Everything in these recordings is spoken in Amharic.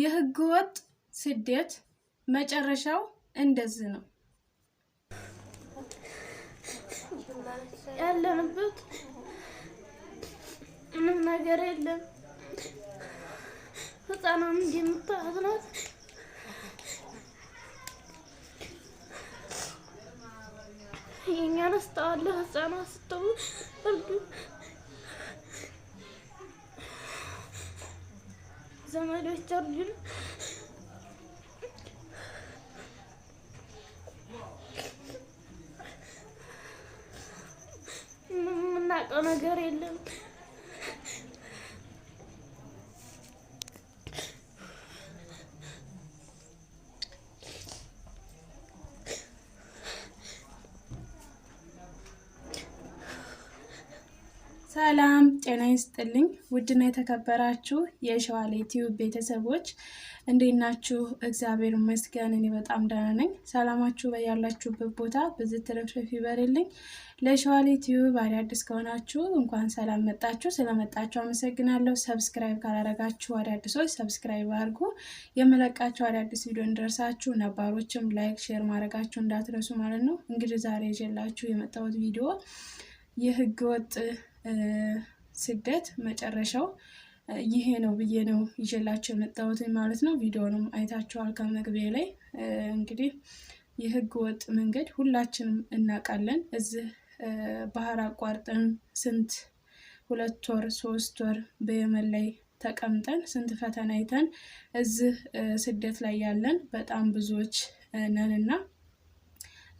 የህገወጥ ስደት መጨረሻው እንደዚህ ነው። ያለንበት ምንም ነገር የለም። ህፃናም እንደምታያት ናት። የእኛን አስተዋለ ህፃናት እርዱ ዘመዶች አሉን። የምናውቀው ነገር የለም። ሰላም ጤና ይስጥልኝ። ውድና የተከበራችሁ የሸዋሌ ቲዩብ ቤተሰቦች እንዴት ናችሁ? እግዚአብሔር ይመስገን እኔ በጣም ደህና ነኝ። ሰላማችሁ በያላችሁበት ቦታ ብዙ ትረፍረፍ ይበርልኝ። ለሸዋሌ ቲዩብ አዳዲስ ከሆናችሁ እንኳን ሰላም መጣችሁ። ስለመጣችሁ አመሰግናለሁ። ሰብስክራይብ ካላረጋችሁ አዳዲሶች ሰብስክራይብ አድርጉ፣ የመለቃችሁ አዳዲስ ቪዲዮ እንደርሳችሁ። ነባሮችም ላይክ፣ ሼር ማድረጋችሁ እንዳትረሱ ማለት ነው። እንግዲህ ዛሬ ይዤላችሁ የመጣሁት ቪዲዮ ወጥ ስደት መጨረሻው ይሄ ነው ብዬ ነው ይዤላቸው የመጣሁት ማለት ነው። ቪዲዮንም አይታችኋል ከመግቢያ ላይ እንግዲህ የህገ ወጥ መንገድ ሁላችንም እናውቃለን። እዚህ ባህር አቋርጠን ስንት ሁለት ወር ሶስት ወር በየመን ላይ ተቀምጠን ስንት ፈተና አይተን እዚህ ስደት ላይ ያለን በጣም ብዙዎች እና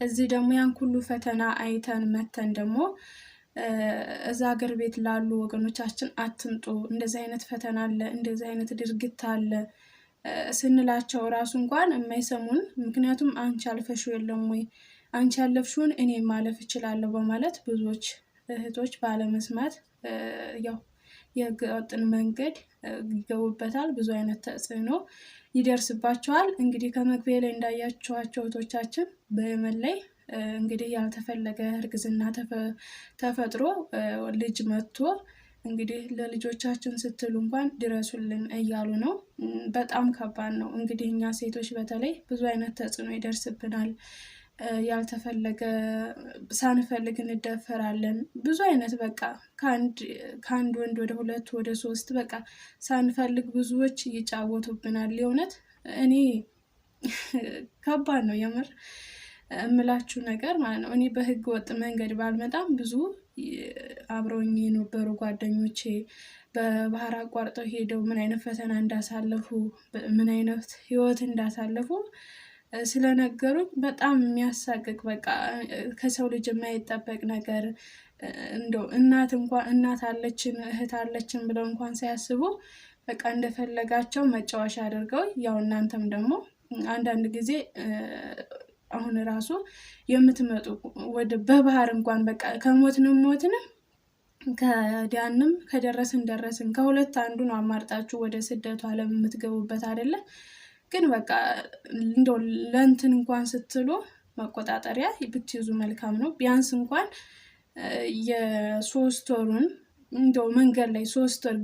እዚህ ደግሞ ያን ሁሉ ፈተና አይተን መተን ደግሞ እዛ አገር ቤት ላሉ ወገኖቻችን አትምጡ፣ እንደዚህ አይነት ፈተና አለ፣ እንደዚህ አይነት ድርጊት አለ ስንላቸው ራሱ እንኳን የማይሰሙን ምክንያቱም አንቺ አልፈሹ የለም ወይ አንቺ ያለፍሽውን እኔ ማለፍ እችላለሁ በማለት ብዙዎች እህቶች ባለመስማት ያው የህገወጥን መንገድ ይገቡበታል። ብዙ አይነት ተጽዕኖ ይደርስባቸዋል። እንግዲህ ከመግቢያ ላይ እንዳያቸዋቸው እህቶቻችን በየመን ላይ እንግዲህ ያልተፈለገ እርግዝና ተፈጥሮ ልጅ መጥቶ እንግዲህ ለልጆቻችን ስትሉ እንኳን ድረሱልን እያሉ ነው። በጣም ከባድ ነው። እንግዲህ እኛ ሴቶች በተለይ ብዙ አይነት ተጽዕኖ ይደርስብናል። ያልተፈለገ ሳንፈልግ እንደፈራለን። ብዙ አይነት በቃ ከአንድ ወንድ ወደ ሁለት ወደ ሶስት በቃ ሳንፈልግ ብዙዎች ይጫወቱብናል። የእውነት እኔ ከባድ ነው የምር እምላችሁ ነገር ማለት ነው። እኔ በህገ ወጥ መንገድ ባልመጣም ብዙ አብረውኝ የነበሩ ጓደኞቼ በባህር አቋርጠው ሄደው ምን አይነት ፈተና እንዳሳለፉ ምን አይነት ህይወት እንዳሳለፉ ስለነገሩኝ በጣም የሚያሳቅቅ በቃ ከሰው ልጅ የማይጠበቅ ነገር እንደው እናት እንኳን እናት አለችን እህት አለችን ብለው እንኳን ሳያስቡ በቃ እንደፈለጋቸው መጫወሻ አድርገው ያው እናንተም ደግሞ አንዳንድ ጊዜ አሁን ራሱ የምትመጡ ወደ በባህር እንኳን በቃ ከሞትንም ሞትንም ከዲያንም ከደረስን ደረስን ከሁለት አንዱ ነው አማርጣችሁ ወደ ስደቱ ዓለም የምትገቡበት አይደለ። ግን በቃ እንደው ለእንትን እንኳን ስትሉ መቆጣጠሪያ ብትይዙ መልካም ነው። ቢያንስ እንኳን የሶስት ወሩን እንደው መንገድ ላይ ሶስት ወር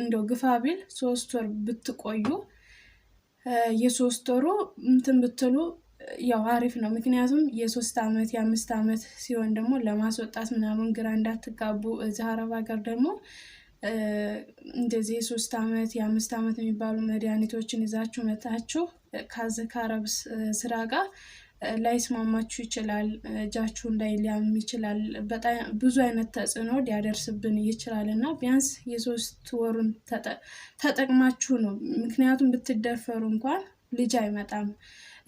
እንደው ግፋ ቢል ሶስት ወር ብትቆዩ የሶስት ወሩ እንትን ብትሉ ያው አሪፍ ነው። ምክንያቱም የሶስት አመት የአምስት አመት ሲሆን ደግሞ ለማስወጣት ምናምን ግራ እንዳትጋቡ። እዚህ አረብ ሀገር ደግሞ እንደዚህ የሶስት አመት የአምስት አመት የሚባሉ መድኃኒቶችን ይዛችሁ መጣችሁ ከዚህ ከአረብ ስራ ጋር ላይስማማችሁ ይችላል። እጃችሁ ላይ ሊያም ይችላል። በጣም ብዙ አይነት ተጽዕኖ ሊያደርስብን ይችላል እና ቢያንስ የሶስት ወሩን ተጠቅማችሁ ነው። ምክንያቱም ብትደፈሩ እንኳን ልጅ አይመጣም።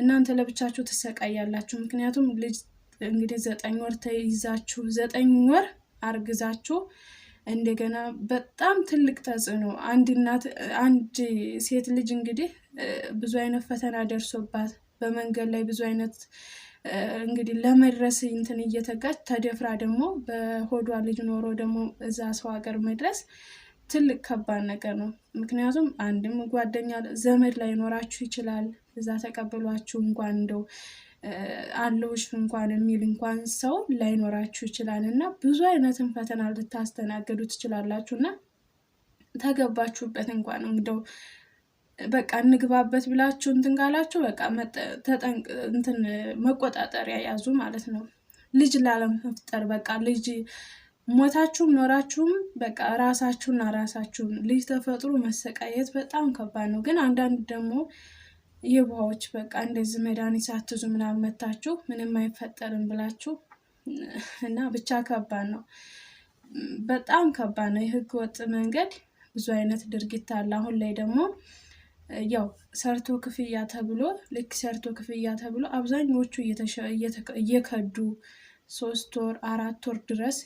እናንተ ለብቻችሁ ትሰቃያላችሁ። ምክንያቱም ልጅ እንግዲህ ዘጠኝ ወር ተይዛችሁ ዘጠኝ ወር አርግዛችሁ እንደገና በጣም ትልቅ ተጽዕኖ አንድ እናት አንድ ሴት ልጅ እንግዲህ ብዙ አይነት ፈተና ደርሶባት በመንገድ ላይ ብዙ አይነት እንግዲህ ለመድረስ እንትን እየተጋች ተደፍራ ደግሞ በሆዷ ልጅ ኖሮ ደግሞ እዛ ሰው ሀገር መድረስ ትልቅ ከባድ ነገር ነው። ምክንያቱም አንድም ጓደኛ ዘመድ ላይ ኖራችሁ ይችላል እዛ ተቀብሏችሁ እንኳን እንደው አለውሽ እንኳን የሚል እንኳን ሰው ላይኖራችሁ ይችላል እና ብዙ አይነትን ፈተና ልታስተናገዱ ትችላላችሁ እና ተገባችሁበት እንኳን እንግደው በቃ እንግባበት ብላችሁ እንትን ካላችሁ በቃ እንትን መቆጣጠሪያ ያዙ ማለት ነው። ልጅ ላለመፍጠር በቃ ልጅ ሞታችሁም ኖራችሁም በቃ ራሳችሁና ራሳችሁን ልጅ ተፈጥሮ መሰቃየት በጣም ከባድ ነው። ግን አንዳንድ ደግሞ ውሃዎች በቃ እንደዚህ መድኃኒት ሳትዙ ምናምን መታችሁ ምንም አይፈጠርም ብላችሁ እና ብቻ ከባድ ነው፣ በጣም ከባድ ነው። የህገ ወጥ መንገድ ብዙ አይነት ድርጊት አለ። አሁን ላይ ደግሞ ያው ሰርቶ ክፍያ ተብሎ ልክ ሰርቶ ክፍያ ተብሎ አብዛኞቹ እየከዱ ሶስት ወር አራት ወር ድረስ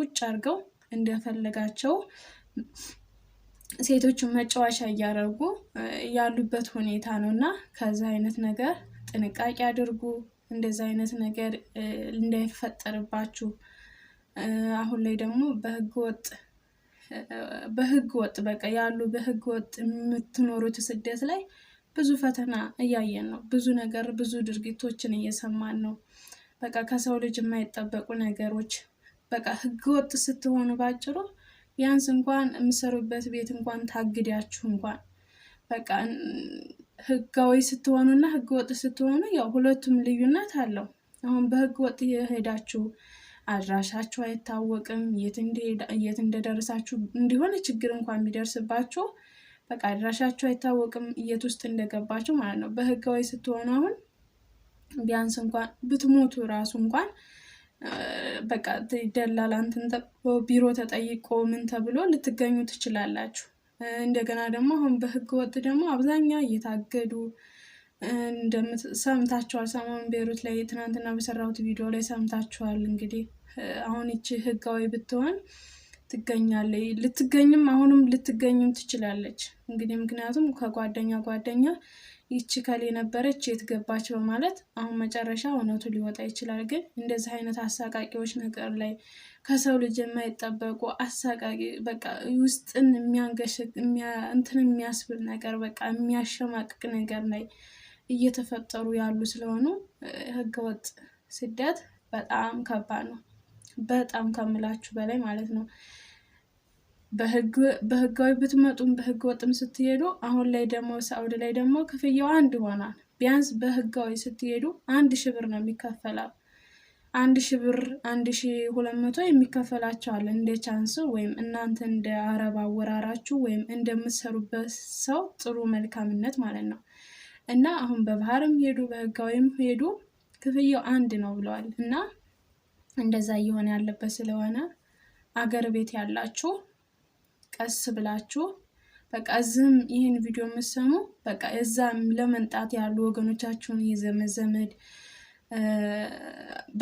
ቁጭ አድርገው እንደፈለጋቸው ሴቶችን መጫወቻ እያደረጉ ያሉበት ሁኔታ ነው እና ከዛ አይነት ነገር ጥንቃቄ አድርጉ። እንደዚ አይነት ነገር እንዳይፈጠርባችሁ። አሁን ላይ ደግሞ በህገወጥ በህግ ወጥ በቃ ያሉ በህግ ወጥ የምትኖሩት ስደት ላይ ብዙ ፈተና እያየን ነው። ብዙ ነገር ብዙ ድርጊቶችን እየሰማን ነው። በቃ ከሰው ልጅ የማይጠበቁ ነገሮች በቃ ወጥ ስትሆኑ ባጭሩ ቢያንስ እንኳን የምሰሩበት ቤት እንኳን ታግዳችሁ እንኳን በቃ ህጋዊ ስትሆኑና ህገ ወጥ ስትሆኑ ያው ሁለቱም ልዩነት አለው። አሁን በህገ ወጥ የሄዳችሁ አድራሻችሁ አይታወቅም፣ የት እንደደረሳችሁ እንዲሆን ችግር እንኳን ቢደርስባችሁ በቃ አድራሻችሁ አይታወቅም፣ የት ውስጥ እንደገባችሁ ማለት ነው። በህጋዊ ስትሆኑ አሁን ቢያንስ እንኳን ብትሞቱ ራሱ እንኳን በቃ ደላላ እንትን ቢሮ ተጠይቆ ምን ተብሎ ልትገኙ ትችላላችሁ። እንደገና ደግሞ አሁን በህገ ወጥ ደግሞ አብዛኛ እየታገዱ ሰምታችኋል። ሰሞኑን ቤሩት ላይ ትናንትና በሰራሁት ቪዲዮ ላይ ሰምታችኋል። እንግዲህ አሁን ይቺ ህጋዊ ብትሆን ትገኛለች፣ ልትገኝም አሁንም ልትገኝም ትችላለች። እንግዲህ ምክንያቱም ከጓደኛ ጓደኛ ይቺ ከሌ ነበረች የት ገባች በማለት አሁን መጨረሻ እውነቱ ሊወጣ ይችላል። ግን እንደዚህ አይነት አሳቃቂዎች ነገር ላይ ከሰው ልጅ የማይጠበቁ አሳቃቂ በቃ ውስጥን የሚያንገሸግ እንትን የሚያስብል ነገር በቃ የሚያሸማቅቅ ነገር ላይ እየተፈጠሩ ያሉ ስለሆኑ ህገወጥ ስደት በጣም ከባድ ነው። በጣም ከምላችሁ በላይ ማለት ነው። በህጋዊ ብትመጡም በህገ ወጥም ስትሄዱ አሁን ላይ ደግሞ ሳዑዲ ላይ ደግሞ ክፍያው አንድ ይሆናል። ቢያንስ በህጋዊ ስትሄዱ አንድ ሺህ ብር ነው የሚከፈላል። አንድ ሺ ብር አንድ ሺ ሁለት መቶ የሚከፈላቸዋል እንደ ቻንስ ወይም እናንተ እንደ አረብ አወራራችሁ ወይም እንደምትሰሩበት ሰው ጥሩ መልካምነት ማለት ነው። እና አሁን በባህርም ሄዱ በህጋዊም ሄዱ ክፍያው አንድ ነው ብለዋል። እና እንደዛ እየሆነ ያለበት ስለሆነ አገር ቤት ያላችሁ ቀስ ብላችሁ በቃ እዚህም ይህን ቪዲዮ የምትሰሙ በቃ እዛም ለመምጣት ያሉ ወገኖቻችሁን የዘመድ ዘመድ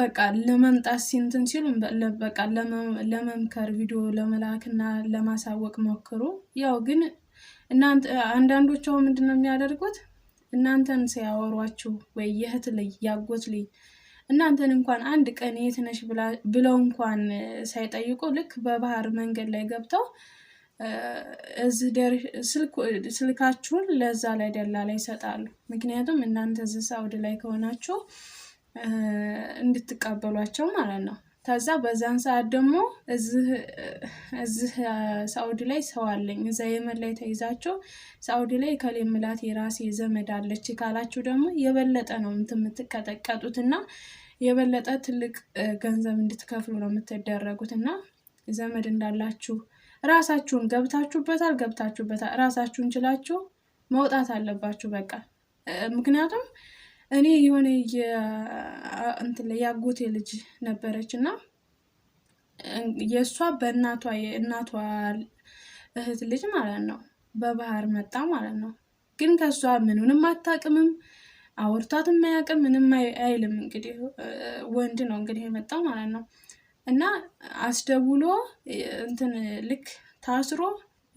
በቃ ለመምጣት ሲንትን ሲሉ በቃ ለመምከር ቪዲዮ ለመላክና ለማሳወቅ ሞክሩ። ያው ግን እናንተ አንዳንዶቹ ምንድን ነው የሚያደርጉት? እናንተን ሲያወሯችሁ ወይ የእህት ልይ ያጎት ልይ እናንተን እንኳን አንድ ቀን የት ነሽ ብለው እንኳን ሳይጠይቁ ልክ በባህር መንገድ ላይ ገብተው እዚህ ስልካችሁን ለዛ ላይ ደላላ ይሰጣሉ። ምክንያቱም እናንተ እዚህ ሳውዲ ላይ ከሆናችሁ እንድትቀበሏቸው ማለት ነው። ከዛ በዛን ሰዓት ደግሞ እዚህ ሳውዲ ላይ ሰው አለኝ እዛ የመን ላይ ተይዛችሁ ሳውዲ ላይ ከሌምላት የራሴ ዘመድ አለች ካላችሁ ደግሞ የበለጠ ነው የምትቀጠቀጡት እና የበለጠ ትልቅ ገንዘብ እንድትከፍሉ ነው የምትደረጉት እና ዘመድ እንዳላችሁ ራሳችሁን ገብታችሁበታል ገብታችሁበታል ራሳችሁን ችላችሁ መውጣት አለባችሁ። በቃ ምክንያቱም እኔ የሆነ እንትን ያጎቴ ልጅ ነበረች እና የእሷ በእናቷ የእናቷ እህት ልጅ ማለት ነው በባህር መጣ ማለት ነው። ግን ከእሷ ምኑንም አታቅምም አውርቷት የማያውቅም ምንም አይልም። እንግዲህ ወንድ ነው እንግዲህ የመጣው ማለት ነው። እና አስደውሎ እንትን ልክ ታስሮ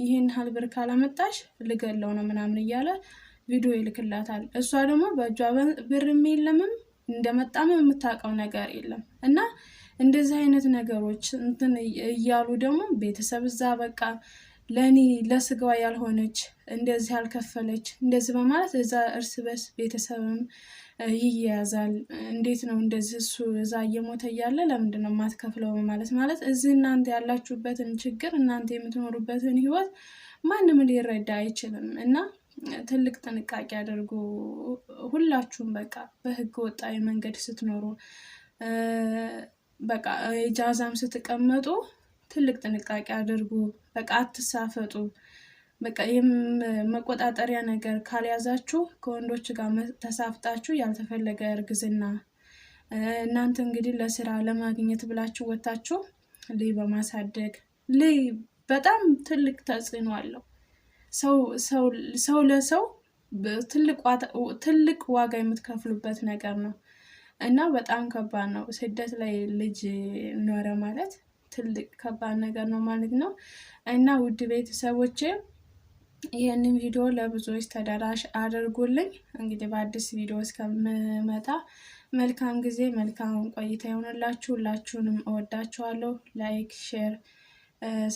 ይህን ያህል ብር ካላመጣሽ ልገለው ነው ምናምን እያለ ቪዲዮ ይልክላታል። እሷ ደግሞ በእጇ ብርም የለምም እንደመጣም የምታውቀው ነገር የለም እና እንደዚህ አይነት ነገሮች እንትን እያሉ ደግሞ ቤተሰብ እዛ በቃ ለእኔ ለስጋዋ ያልሆነች እንደዚህ ያልከፈለች እንደዚህ በማለት እዛ እርስ በስ ቤተሰብም ይያያዛል። እንዴት ነው እንደዚህ እሱ እዛ እየሞተ እያለ ለምንድን ነው የማትከፍለው? በማለት ማለት እዚህ እናንተ ያላችሁበትን ችግር እናንተ የምትኖሩበትን ህይወት ማንም ሊረዳ አይችልም እና ትልቅ ጥንቃቄ አድርጉ ሁላችሁም። በቃ በህገ ወጣዊ መንገድ ስትኖሩ በቃ የጃዛም ስትቀመጡ ትልቅ ጥንቃቄ አድርጉ። በቃ አትሳፈጡ። በቃ መቆጣጠሪያ ነገር ካልያዛችሁ ከወንዶች ጋር ተሳፍጣችሁ ያልተፈለገ እርግዝና እናንተ እንግዲህ ለስራ ለማግኘት ብላችሁ ወታችሁ ልይ በማሳደግ ልይ በጣም ትልቅ ተጽዕኖ አለው። ሰው ለሰው ትልቅ ዋጋ የምትከፍሉበት ነገር ነው እና በጣም ከባድ ነው። ስደት ላይ ልጅ ኖረ ማለት ትልቅ ከባድ ነገር ነው ማለት ነው። እና ውድ ቤተሰቦች ይህንን ቪዲዮ ለብዙዎች ተደራሽ አድርጉልኝ። እንግዲህ በአዲስ ቪዲዮ እስከምመጣ መልካም ጊዜ፣ መልካም ቆይታ ይሆንላችሁ። ሁላችሁንም እወዳችኋለሁ። ላይክ፣ ሼር፣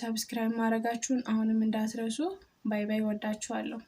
ሰብስክራይብ ማድረጋችሁን አሁንም እንዳትረሱ። ባይ ባይ። እወዳችኋለሁ።